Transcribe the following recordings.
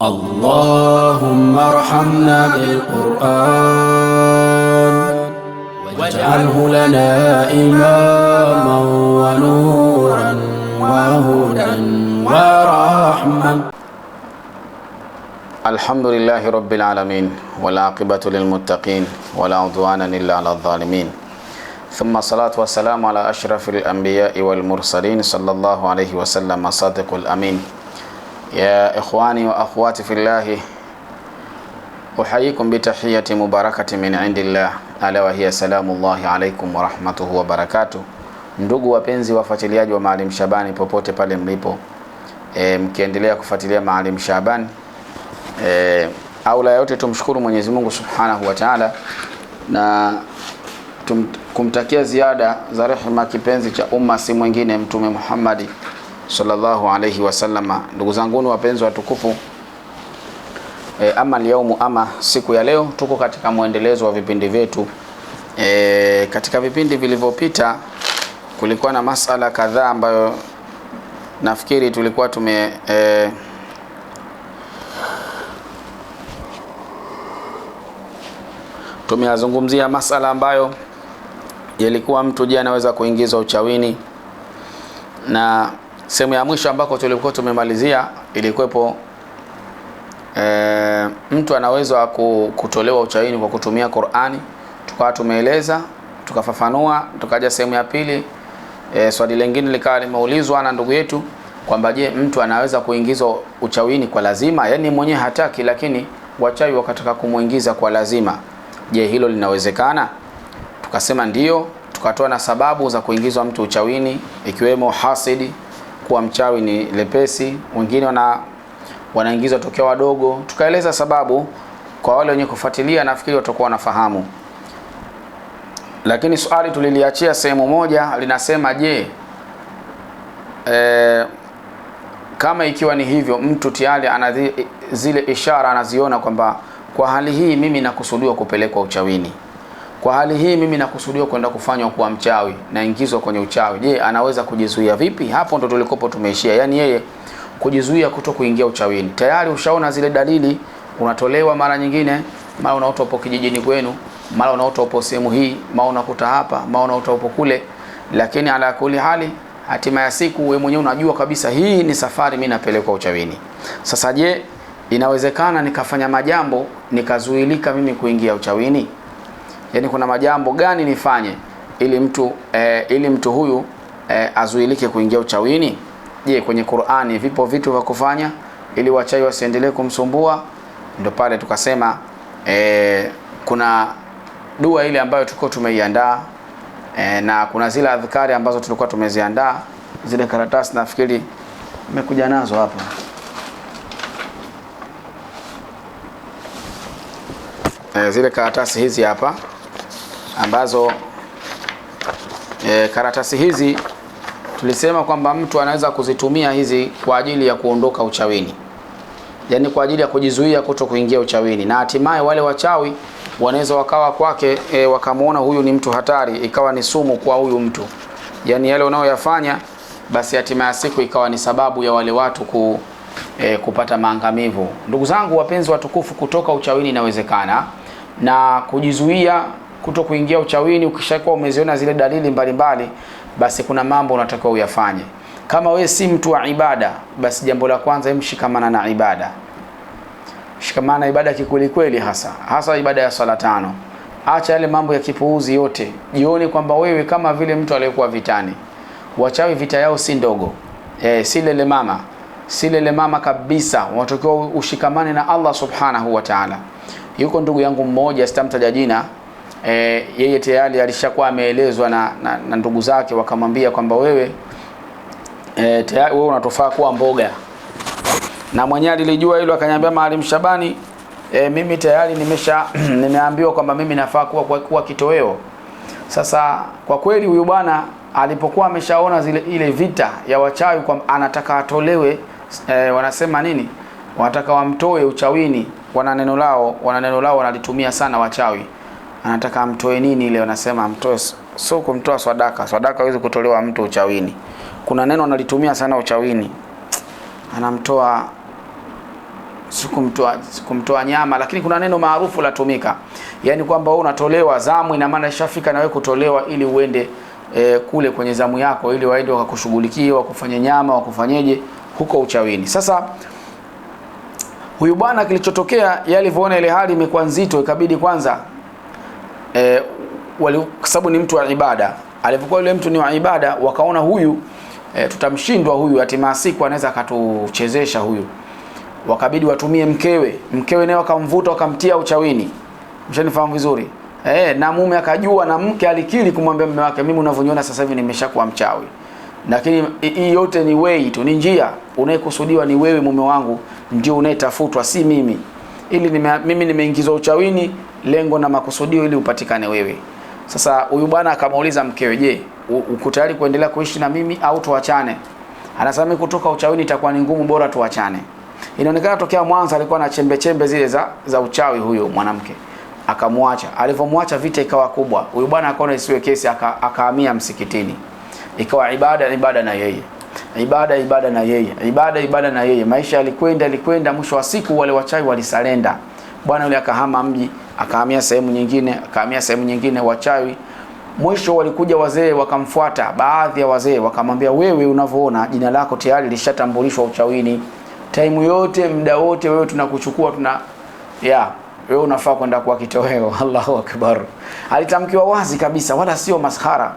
اللهم ارحمنا بالقرآن واجعله لنا إماما ونورا وهدى ورحمة الحمد لله رب العالمين والعاقبة للمتقين ولا عدوان إلا على الظالمين ثم الصلاة والسلام على أشرف الأنبياء والمرسلين صلى الله عليه وسلم صادق الأمين ya ikhwani وأخواتي في الله أحييكم بتحية مباركة من عند الله ألا وهي سلام الله عليكم ورحمته وبركاته. Ndugu wapenzi wafuatiliaji wa Maalim Shabani popote pale mlipo, e, mkiendelea kufuatilia Maalim Shabani e, aula yote tumshukuru Mwenyezi Mungu Subhanahu wa Ta'ala na tum, kumtakia ziada za rehema kipenzi cha umma si mwingine Mtume Muhammad sallallahu alayhi wasallama. Ndugu zanguni wapenzi watukufu, e, ama alyaumu, ama siku ya leo, tuko katika mwendelezo wa vipindi vyetu. E, katika vipindi vilivyopita kulikuwa na masala kadhaa ambayo nafikiri tulikuwa tume e, tumeyazungumzia masala ambayo yalikuwa mtu je anaweza kuingiza uchawini na sehemu ya mwisho ambako tulikuwa tumemalizia ilikuwepo e, mtu anaweza kutolewa uchaini kwa kutumia Qur'ani, tukawa tumeeleza tukafafanua, tukaja sehemu ya pili. E, swali lingine likawa limeulizwa na ndugu yetu kwamba je, mtu anaweza kuingizwa uchawini kwa lazima, yaani mwenyewe hataki, lakini wachawi wakataka kumuingiza kwa lazima. Je, hilo linawezekana? Tukasema ndiyo, tukatoa na sababu za kuingizwa mtu uchawini ikiwemo hasidi kuwa mchawi ni lepesi, wengine wana wanaingizwa tokea wadogo. Tukaeleza sababu kwa wale wenye kufuatilia, nafikiri watakuwa wanafahamu, lakini swali tuliliachia sehemu moja linasema, je, e, kama ikiwa ni hivyo, mtu tayari ana zile ishara anaziona kwamba kwa hali hii mimi nakusudiwa kupelekwa uchawini kwa hali hii mimi nakusudiwa kwenda kufanywa kuwa mchawi, naingizwa kwenye uchawi. Je, anaweza kujizuia vipi? Hapo ndo tulikopo tumeishia, yaani yeye kujizuia kuto kuingia uchawini. Tayari ushaona zile dalili, unatolewa mara nyingine, mara unaota upo kijijini kwenu, mara unaota upo sehemu hii, mara unakuta hapa, mara unaota upo kule, lakini ala kuli hali hatima ya siku wewe mwenyewe unajua kabisa hii ni safari mimi napelekwa uchawini. Sasa je, inawezekana nikafanya majambo nikazuilika mimi kuingia uchawini? yani kuna majambo gani nifanye ili mtu e, ili mtu huyu e, azuilike kuingia uchawini? Je, kwenye Qur'ani vipo vitu vya kufanya ili wachawi wasiendelee kumsumbua? Ndio pale tukasema e, kuna dua ile ambayo tulikuwa tumeiandaa e, na kuna zile adhkari ambazo tulikuwa tumeziandaa zile karatasi, nafikiri nimekuja nazo hapa. E, zile karatasi hizi hapa ambazo e, karatasi hizi tulisema kwamba mtu anaweza kuzitumia hizi kwa ajili ya kuondoka uchawini, yaani kwa ajili ya kujizuia kuto kuingia uchawini, na hatimaye wale wachawi wanaweza wakawa kwake e, wakamwona huyu ni mtu hatari, ikawa ni sumu kwa huyu mtu, yaani yale unayoyafanya basi hatima ya siku ikawa ni sababu ya wale watu ku, e, kupata maangamivu. Ndugu zangu wapenzi watukufu, kutoka uchawini inawezekana na kujizuia kuto kuingia uchawini, ukishakuwa umeziona zile dalili mbalimbali mbali, basi kuna mambo unatakiwa uyafanye. Kama we si mtu wa ibada, basi jambo la kwanza mshikamana na ibada, shikamana ibada kikweli kweli, hasa hasa ibada ya swala tano. Acha yale mambo ya kipuuzi yote, jione kwamba wewe kama vile mtu aliyekuwa vitani. Wachawi vita yao si ndogo, eh, si lele mama si lele mama kabisa. Unatakiwa ushikamane na Allah subhanahu wa ta'ala. Yuko ndugu yangu mmoja sitamtaja jina e, yeye tayari alishakuwa ameelezwa na, na, na ndugu zake wakamwambia kwamba wewe e, tayari wewe unatofaa kuwa mboga, na mwenyewe alilijua hilo, akanyambia Maalim Shabani, e, mimi tayari nimesha nimeambiwa kwamba mimi nafaa kuwa, kuwa, kuwa kitoweo. Sasa kwa kweli huyu bwana alipokuwa ameshaona zile ile vita ya wachawi kwa, anataka atolewe e, wanasema nini, wanataka wamtoe uchawini, wana neno lao, wana neno lao wanalitumia sana wachawi anataka amtoe nini, ile, anasema amtoe, so kumtoa swadaka. Swadaka haiwezi kutolewa mtu uchawini. Kuna neno analitumia sana uchawini, anamtoa sikumtoa sikumtoa nyama, lakini kuna neno maarufu latumika, yani kwamba wewe unatolewa zamu, ina maana ishafika na wewe kutolewa ili uende e, kule kwenye zamu yako, ili waende wakakushughulikie wakufanye nyama, wakufanyeje huko uchawini. Sasa huyu bwana, kilichotokea yalivyoona ile hali imekuwa nzito, ikabidi kwanza e, kwa sababu ni mtu wa ibada. Alipokuwa yule mtu ni wa ibada, wakaona huyu e, tutamshindwa huyu, hatimaa siku anaweza akatuchezesha huyu, wakabidi watumie mkewe. Mkewe naye wakamvuta wakamtia uchawini, mshanifahamu vizuri e, na mume akajua, na mke alikiri kumwambia mume wake, mimi unavyoniona sasa hivi nimeshakuwa mchawi lakini hii yote ni wei tu, ni njia. Unayekusudiwa ni wewe mume wangu, ndio unayetafutwa, si mimi ili nime, mimi nimeingizwa uchawini, lengo na makusudio ili upatikane wewe. Sasa huyu bwana akamuuliza mkewe, je, uko tayari kuendelea kuishi na mimi au tuachane? Anasema mimi kutoka uchawini itakuwa ni ngumu, bora tuachane. Inaonekana tokea mwanzo alikuwa na chembe chembe zile za za uchawi huyo mwanamke. Akamwacha. Alivyomwacha vita ikawa kubwa. Huyu bwana akaona isiwe kesi, akahamia msikitini. Ikawa ibada ibada na yeye ibada ibada na yeye ibada ibada na yeye. Maisha yalikwenda yalikwenda, mwisho wa siku wale wachawi walisalenda, bwana yule akahama mji, akahamia sehemu nyingine, akahamia sehemu nyingine. Wachawi mwisho walikuja wazee wakamfuata, baadhi ya wazee wakamwambia, wewe unavyoona jina lako tayari lishatambulishwa uchawini, taimu yote muda wote wewe tunakuchukua tuna ya wewe unafaa kwenda kwa kitoweo. Allahu akbar, alitamkiwa wazi kabisa, wala sio maskhara.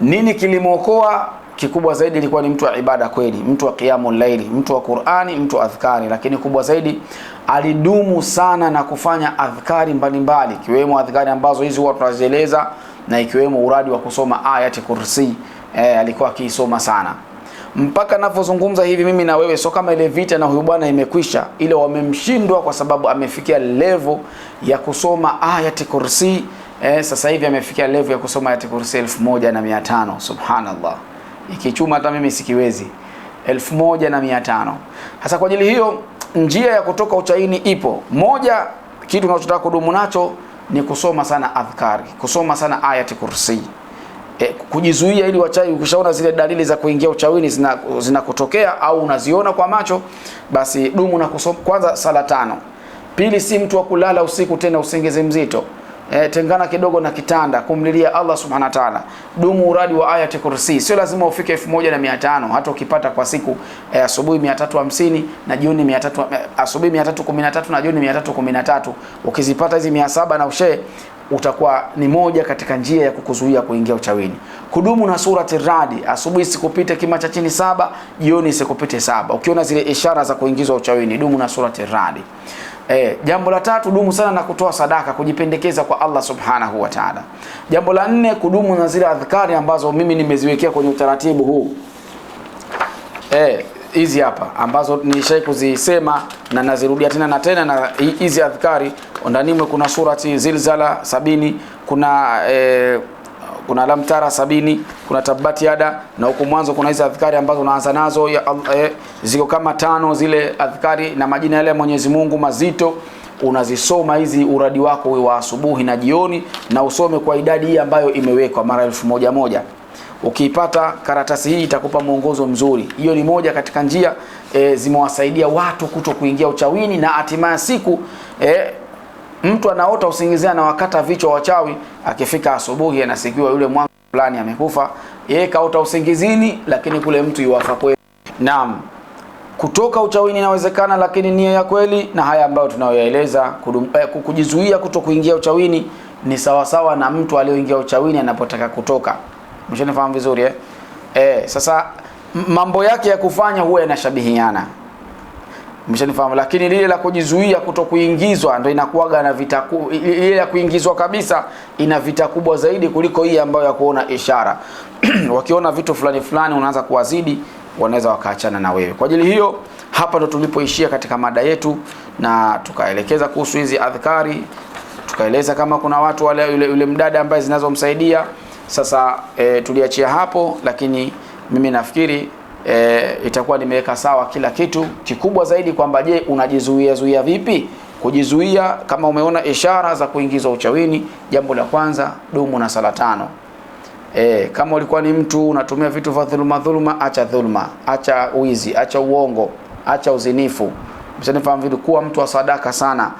Nini kilimwokoa kikubwa zaidi ilikuwa ni mtu wa ibada kweli, mtu wa qiyamul laili, mtu wa Qur'ani, mtu wa adhkari, lakini kubwa zaidi alidumu sana na kufanya adhkari mbalimbali, ikiwemo adhkari ambazo hizi huwa tunazieleza na ikiwemo uradi wa kusoma ayati kursi. E, alikuwa akiisoma sana mpaka navyozungumza hivi mimi na wewe, sio kama ile vita na huyu bwana imekwisha, ile wamemshindwa kwa sababu amefikia level ya kusoma ayati kursi. E, sasa hivi amefikia level ya kusoma ayati kursi elfu moja na mia tano subhanallah ikichuma hata mimi sikiwezi, elfu moja na mia tano. Sasa kwa ajili hiyo njia ya kutoka uchaini ipo moja. Kitu unachotaka kudumu nacho ni kusoma sana adhkari, kusoma sana ayati kursi E, kujizuia ili wachawi, ukishaona zile dalili za kuingia uchawini zinakutokea zina au unaziona kwa macho, basi dumu na kusoma kwanza sala tano. Pili, si mtu wa kulala usiku tena usingizi mzito. E, tengana kidogo na kitanda kumlilia Allah subhanahu wa ta'ala, dumu uradi wa ayati kursi. Sio lazima ufike elfu moja na mia tano hata ukipata kwa siku e, asubuhi 350 na jioni 300, eh, asubuhi 313 na jioni 313, ukizipata hizi 700 na ushe utakuwa ni moja katika njia ya kukuzuia kuingia uchawini. Kudumu na surati Radi, asubuhi sikupite kima cha chini saba, jioni sikupite saba. Ukiona zile ishara za kuingizwa uchawini, dumu na surati Radi. E, jambo la tatu dumu sana na kutoa sadaka, kujipendekeza kwa Allah subhanahu wa ta'ala. Jambo la nne kudumu na zile adhkari ambazo mimi nimeziwekea kwenye utaratibu huu eh, hizi e, hapa ambazo nishai kuzisema na nazirudia tena na tena, na hizi adhkari ndani kuna surati Zilzala sabini kuna e, kuna alam tara sabini, kuna tabati ada, na huku mwanzo kuna hizo adhkari ambazo unaanza nazo ya, eh, ziko kama tano zile adhkari na majina yale Mwenyezi Mungu mazito unazisoma hizi uradi wako wa asubuhi na jioni, na usome kwa idadi hii ambayo imewekwa mara elfu moja moja. Ukiipata karatasi hii itakupa mwongozo mzuri. Hiyo ni moja katika njia e, zimewasaidia watu kuto kuingia uchawini na hatimaye siku e, mtu anaota usingizia na wakata vichwa wachawi, akifika asubuhi anasikiwa yule mwanga fulani amekufa, yeye kaota usingizini, lakini kule mtu yuwafa kweli. Naam, kutoka uchawini inawezekana, lakini nia ya kweli na haya ambayo tunayoyaeleza eh, kujizuia kuto kuingia uchawini ni sawasawa na mtu aliyoingia uchawini anapotaka kutoka. Mshanifahamu vizuri eh? Eh, sasa mambo yake ya kufanya huwa yanashabihiana mshanifahamu. lakini lile la kujizuia kuto kuingizwa ndio inakuwaga na vita kubwa. Ile ya kuingizwa kabisa ina vita kubwa zaidi kuliko hii ambayo ya kuona ishara wakiona vitu fulani fulani unaanza kuwazidi, wanaweza wakaachana na wewe. Kwa ajili hiyo, hapa ndo tulipoishia katika mada yetu, na tukaelekeza kuhusu hizi adhkari, tukaeleza kama kuna watu wale yule, yule mdada ambaye zinazomsaidia sasa. E, tuliachia hapo, lakini mimi nafikiri e, itakuwa nimeweka sawa kila kitu. Kikubwa zaidi kwamba je, unajizuia zuia vipi? Kujizuia kama umeona ishara za kuingizwa uchawini, jambo la kwanza, dumu na sala tano. E, kama ulikuwa ni mtu unatumia vitu vya dhuluma dhuluma, acha dhuluma, acha wizi, acha uongo, acha uzinifu. Msinifahamu vitu, kuwa mtu wa sadaka sana,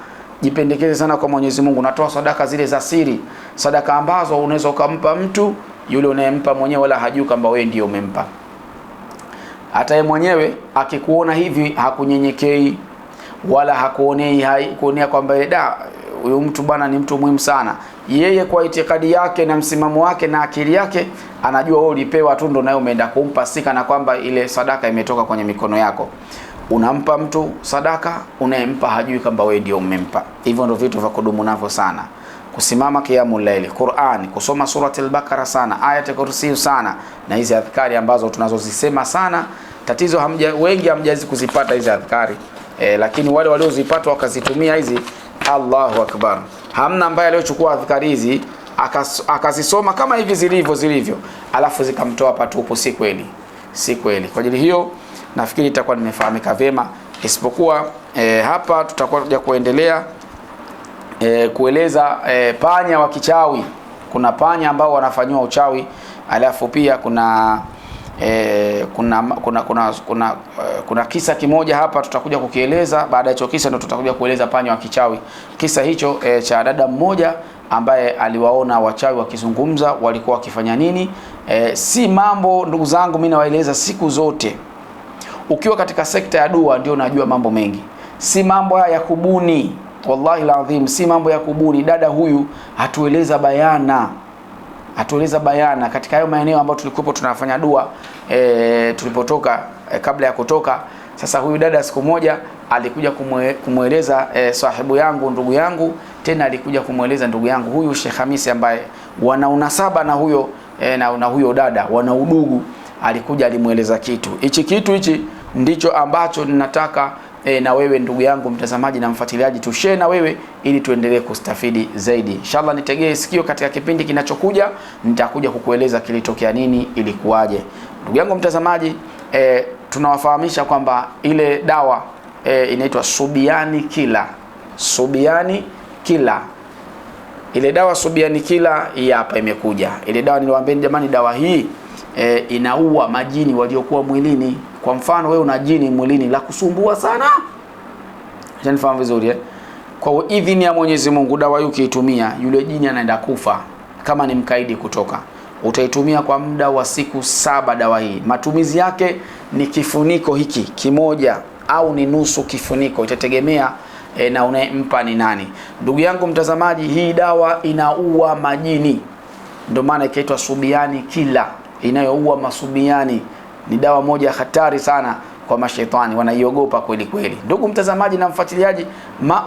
jipendekeze sana kwa Mwenyezi Mungu. Natoa sadaka zile za siri, sadaka ambazo unaweza ukampa mtu yule unayempa mwenyewe wala hajui kwamba wewe ndio umempa hata yeye mwenyewe akikuona hivi hakunyenyekei wala hakuonei kuonea kwamba eh, da huyu mtu bwana ni mtu muhimu sana. Yeye kwa itikadi yake na msimamo wake na akili yake anajua wewe ulipewa tu ndo nayo umeenda kumpa sika, na kwamba ile sadaka imetoka kwenye mikono yako. Unampa mtu sadaka, unayempa hajui kwamba wewe ndio umempa. Hivyo ndio vitu vya kudumu navyo sana kusimama kiamu laili, Qur'an, kusoma surati al-Baqara sana, ayat kursi sana, na hizi adhkari ambazo tunazozisema sana tatizo hamja, wengi hamjawezi kuzipata hizi adhkari e, lakini wale waliozipata wakazitumia hizi, Allahu akbar. Hamna ambaye aliyochukua adhkari hizi akazisoma kama hivi zilivyo zilivyo, alafu zikamtoa patupu. Si kweli, si kweli. Kwa ajili hiyo nafikiri itakuwa nimefahamika vyema, isipokuwa e, hapa tutakuwa tuja kuendelea e, kueleza e, panya wa kichawi. Kuna panya ambao wanafanyiwa uchawi, alafu pia kuna E, kuna, kuna, kuna, kuna, eh, kuna kisa kimoja hapa tutakuja kukieleza. Baada ya hicho kisa ndio tutakuja kueleza panya wa kichawi. Kisa hicho e, cha dada mmoja ambaye aliwaona wachawi wakizungumza walikuwa wakifanya nini. E, si mambo ndugu zangu, mimi nawaeleza siku zote, ukiwa katika sekta ya dua ndio unajua mambo mengi, si mambo ya kubuni. Wallahi ladhim, si mambo ya kubuni. Dada huyu hatueleza bayana atueleza bayana katika hayo maeneo ambayo tulikuwa tunafanya dua e, tulipotoka e, kabla ya kutoka. Sasa huyu dada siku moja alikuja kumwe, kumweleza e, sahibu yangu ndugu yangu tena alikuja kumweleza ndugu yangu huyu Sheikh Hamisi ambaye wana unasaba na huyo e, na, na huyo dada wana udugu, alikuja alimweleza kitu hichi. Kitu hichi ndicho ambacho ninataka e, na wewe ndugu yangu mtazamaji na mfuatiliaji, tushee na wewe ili tuendelee kustafidi zaidi. Inshallah nitegee sikio katika kipindi kinachokuja, nitakuja kukueleza kilitokea nini, ilikuwaje. Ndugu yangu mtazamaji, e, tunawafahamisha kwamba ile dawa e, inaitwa Subiani Kila. Subiani Kila. Ile dawa Subiani Kila hii hapa imekuja. Ile dawa niliwaambia jamani, dawa hii e, inaua majini waliokuwa mwilini. Kwa mfano wewe una jini mwilini la kusumbua sana, nifahamu vizuri eh? Kwa idhini ya Mwenyezi Mungu, dawa hiyo ukiitumia, yule jini anaenda kufa kama ni mkaidi kutoka. Utaitumia kwa muda wa siku saba. Dawa hii matumizi yake ni kifuniko hiki kimoja au ni nusu kifuniko, itategemea e, na unayempa ni nani. Ndugu yangu mtazamaji, hii dawa inaua majini, ndio maana ikaitwa subiani kila, inayoua masubiani ni dawa moja hatari sana kwa mashetani, wanaiogopa kweli kweli. Ndugu mtazamaji na mfuatiliaji,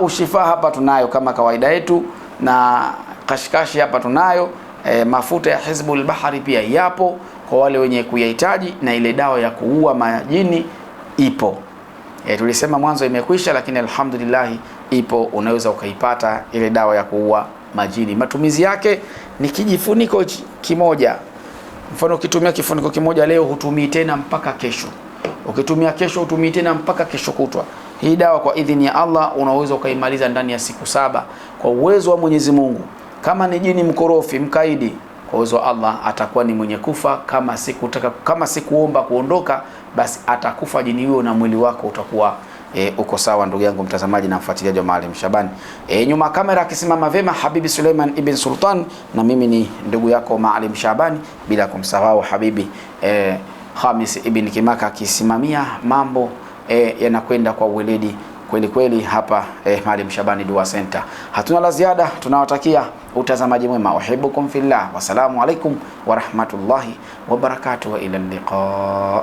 ushifa hapa tunayo kama kawaida yetu, na kashikashi hapa tunayo e, mafuta ya Hizbul Bahari pia yapo kwa wale wenye kuyahitaji, na ile dawa ya kuua majini ipo. E, tulisema mwanzo imekwisha, lakini alhamdulillah ipo, unaweza ukaipata ile dawa ya kuua majini. Matumizi yake ni kijifuniko kimoja Mfano, ukitumia kifuniko kimoja leo hutumii tena mpaka kesho, ukitumia kesho hutumii tena mpaka kesho kutwa. Hii dawa kwa idhini ya Allah unaweza ukaimaliza ndani ya siku saba kwa uwezo wa Mwenyezi Mungu. Kama ni jini mkorofi mkaidi, kwa uwezo wa Allah atakuwa ni mwenye kufa. Kama sikutaka, kama sikuomba kuondoka, basi atakufa jini huyo na mwili wako utakuwa E, uko sawa ndugu yangu mtazamaji na mfuatiliaji wa Maalim Shabani. E, nyuma kamera akisimama vema Habibi Suleiman ibn Sultan, na mimi ni ndugu yako Maalim Shabani, bila kumsahau Habibi e, eh, Hamis ibn Kimaka akisimamia mambo e, yanakwenda kwa uweledi kweli kweli hapa e, Maalim Shabani Dua Center. Hatuna la ziada, tunawatakia utazamaji mwema. Uhibbukum fillah, wassalamu alaikum warahmatullahi wabarakatuh, wa ila liqa.